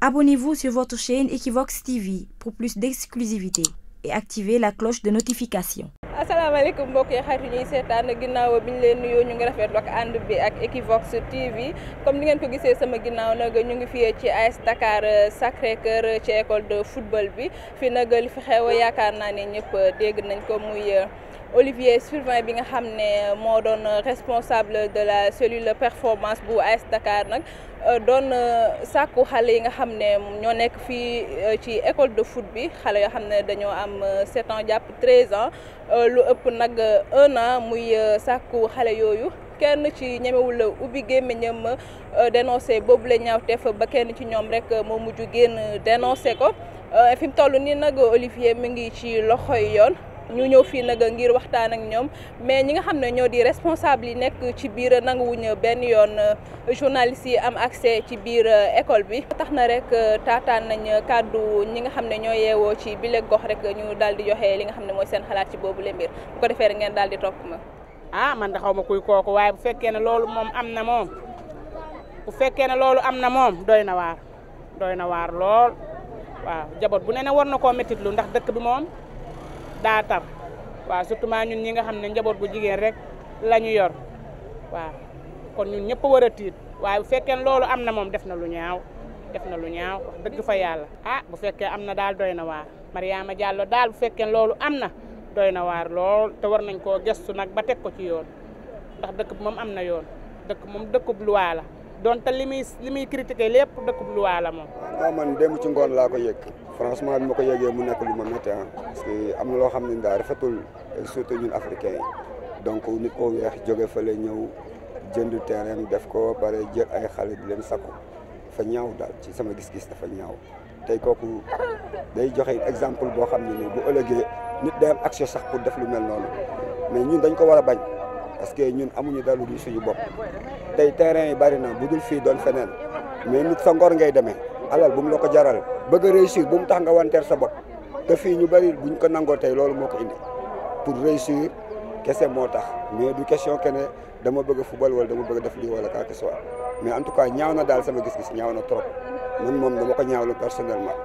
Abonnez-vous sur votre chaîne Equivox TV pour plus d'exclusivité et activez la cloche de notification. asalaamaaleykum mbokk yi xarit ñuy seetaan ginnaaw bi ñu leen nuyoo ñu ngi rafetlu ak ànd bi ak Equivox TV comme ni ngeen ko gisee sama ginnaaw nag ñu ngi fii ci AS Dakar euh, Sacré-Cœur ci école de football bi fi nag li fi xew yaakaar naa ne ñëpp dégg nañ ko muy. Euh, Olivier Sylvain bi nga xam ne moo doon responsable de la cellule performance bu AS Dakar nag euh, doon euh, sàkku xale yi nga xam ne ñoo nekk fii euh, ci école de foot bi xale yoo xam ne dañoo am 7 ans jàpp 13 ans lu ëpp nag un an muy sàkku xale yooyu. kenn ci ñemewul ubbi gémmiñam dénoncé boobu la ñaawteef ba kenn ci ñoom rek moo mujj génn dénoncé ko fi mu toll nii nag Olivier mi ngi ci loxoy yoon. ñu ñëw fii nag ngir waxtaan ak ñoom mais ñi nga xam ne ñoo di responsable yi nekk ci biir nanguwuñ benn yoon euh, journaliste yi am accès ci biir euh, école bi. tax na rek euh, taataan nañ kàddu ñi nga xam ne ñoo yeewoo ci bile gox rek ñu daal di joxe li nga xam ne mooy seen xalaat ci boobu le bu ko defee rek ngeen daal di topp ma. ah man da xaw ma kuy kooku waaye bu fekkee ne loolu moom am na moom bu fekkee ne loolu am na moom doy na waar doy na waar lool waaw jaboot bu ne ne war na koo métitlu ndax dëkk bi moom. daa tar waaw surtout maa ñun ñi nga xam ne njaboot bu jigéen rek la ñu yor waa kon ñun ñëpp war a tiit waaye bu fekkee loolu am na moom def na lu ñaaw def na lu ñaaw wax dëgg fa yàlla ah bu fekkee am na daal doy na waar Mariama Diallo daal bu fekkee loolu am na doy na waar lool te war nañ koo gestu nag ba teg ko ci yoon ndax dëkk bi moom am na yoon dëkk moom dëkkub luwaa la donte li muy li muy critiqué lépp dëkkub luwaa la moom. waaw ah, man démb ci ngoon laa ko yëg. franchement bi ma ko yëgee mu nekk lu ma métti parce que am na loo xam ne daa rafetul surtout ñun africain yi donc nit ko weex jóge fële ñëw jënd terrain def ko ba pare jël ay xale bi leen sakku fa ñaaw daal ci sama gis-gis dafa ñaaw tey kooku day joxe exemple boo xam ne nii bu ëllëgee nit day am action sax pour def lu mel noonu mais ñun dañ ko war a bañ parce que ñun amuñu dalu ñu suñu bopp tey terrain yi bari na bu dul fii doon feneen mais nit sa ngor ngay demee. alal bu mu la ko jaral bëgg a réussir bu mu tax nga wanteer sa bopp te fii ñu bëri buñ ko nangoo tey loolu moo ko indi pour réussir kese moo tax mais du question que dama bëgg a football wala dama bëgg def lii wala quoi que ce soit mais en tout cas ñaaw na daal sama gis-gis ñaaw na trop man moom dama ko ñaawlu personnellement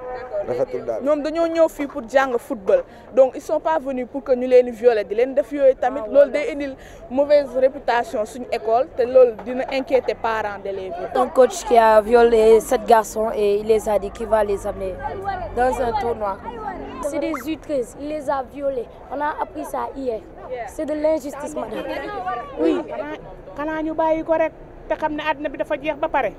rafetul daal. ñoom dañoo ñëw fii pour jàng football donc ils sont pas venus pour que ñu leen di violer di leen def yooyu tamit loolu day indil mauvaise réputation suñu école te lool dina inquiéter parents d'élèves yi. un coach qui a violé sept garçons et il les a dit qu'il va les amener dans un tournoi. c'est des U13, les a violés. On a appris ça hier. C'est de l'injustice, madame. Oui. xanaa ñu bàyyi ko rek te xam ne àddina bi dafa jeex ba pare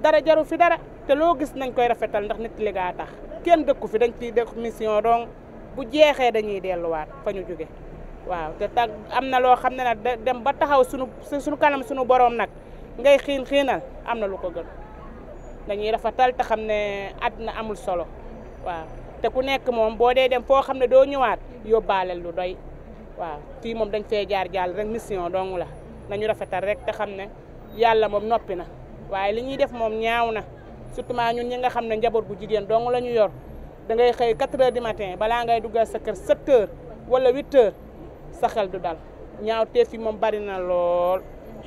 dara jaru fi dara te loo gis nañ koy rafetal ndax nit li gaa tax kenn dëkku fi dañ ciy def mission donc bu jeexee dañuy delluwaat fa ñu jóge waaw te tag am na loo xam ne nag dem ba taxaw suñu suñu kanam suñu boroom nag ngay xiin xiinal am na lu ko gën dañuy rafetal te xam ne àddina amul solo te ku nekk moom boo dee dem foo xam ne doo ñëwaat yóbbaale du doy waaw fii moom dañ fee jaar jàll rek mission dong la nañu rafetal rek te xam ne yàlla moom noppi na waaye li ñuy def moom ñaaw na surtout ñun ñi nga xam ne njaboot gu jigéen dong la ñu yor da ngay xëy 4 heures du matin balaa ngay duggal sa kër 7 heures wala 8 heures du dal ñaaw teef yi moom bari na lool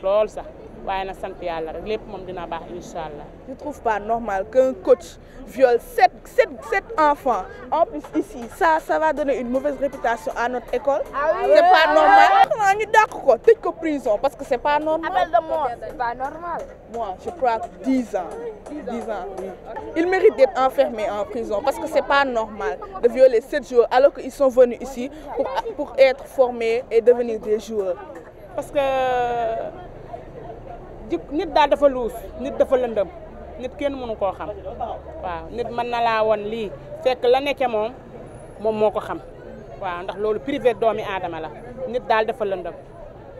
lool sax waaye na sant yàlla rek lépp moom dina baax incha allah. je trouve pas normal qu'un coach viole sept sept sept enfants en plus ici ça ça va donner une mauvaise réputation à notre école. ah oui c'est pas ah normal. xanaa ñu dàq ko tëj ko prison parce que c'est pas normal. appel de mort c'est pas normal. je crois dix ans. dix il mérite d'être enfermé en prison parce que c'est pas normal de violer sept joueurs alors qu'ils sont venus ici pour pour être formés et devenir des joueurs parce ji nit daal dafa luus nit dafa lëndëm nit kenn mënu koo xam waaw nit man na laa woon lii fekk la nekke moom moom moo ko xam waaw ndax loolu privé doomi aadama la nit daal dafa lëndëm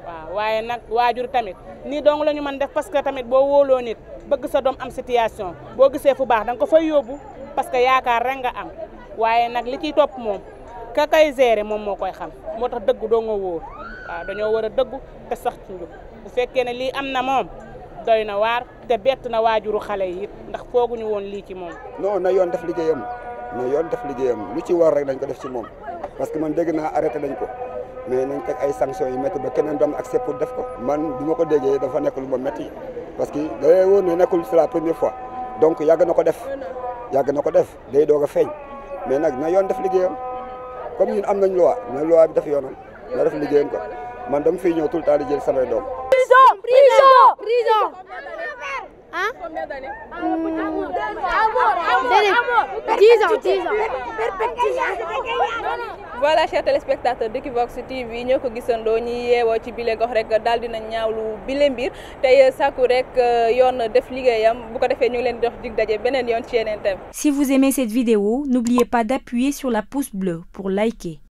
waaw waaye nag waajur tamit nii dong la ñu mën def parce que tamit boo wóoloo nit bëgg sa doom am situation boo gisee fu baax da nga ko fay yóbbu parce que yaakaar rek nga am waaye nag li ciy topp moom ka kay gérer moom moo koy xam moo tax dëggu doo nga wóor waaw dañoo war a dëgg doy na waar te bett na waajuru xale yi ndax foogu fooguñu woon lii ci moom. non na yoon def liggéeyam na yoon def liggéeyam lu ci war rek dañ ko def ci moom parce que man dégg naa arrêté nañ ko mais nañ teg ay sanctions yu métti ba keneen doom accepté pour def ko. man bi ma ko déggee dafa nekk lu ma métti parce que da ngay ne nekkul si la première fois donc yàgg na ko def yàgg na ko def day doog a feeñ mais nag na yoon def liggéeyam comme ñun am nañ loi na loi def yoonam na def liggéeyam ko man dama fiy ñëw tout temps di jël samay doom. prison prison prison ah combien d'années dix ans dix ans voilà chers téléspectateurs d'Equivox TV ñoo ko gisandoo ñi yeewoo ci bile gox rek daal dina ñaawlu bile mbir tey euh, sàkku rek euh, yoon def liggéeyam bu ko defee ñu ngi leen dox dig daje beneen yoon ci yeneen thème. Si vous aimez cette vidéo n'oubliez pas d'appuyer sur la pouce bleue pour liker.